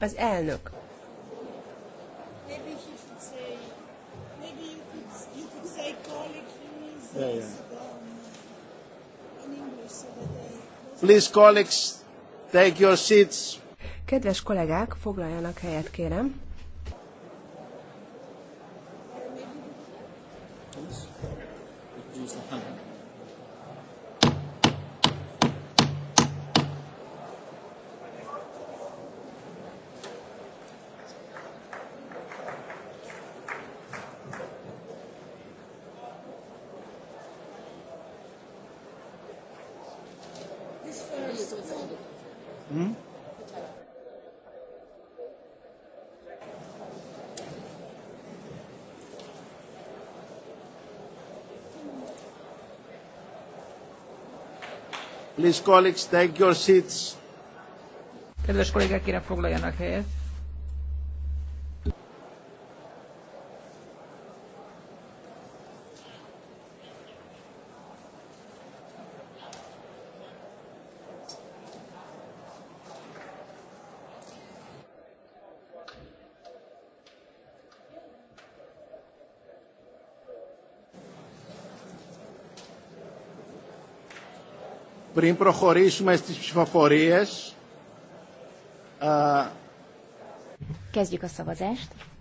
Az elnök. Please, colleagues, take your seats. Kedves kollégák, foglaljanak helyet, kérem. Please. Hmm? Please, colleagues, take your seats. Kedves kollégák, kérem foglaljanak helyet. Πριν προχωρήσουμε στις ψηφοφορίες... Kezdjük a szavazást.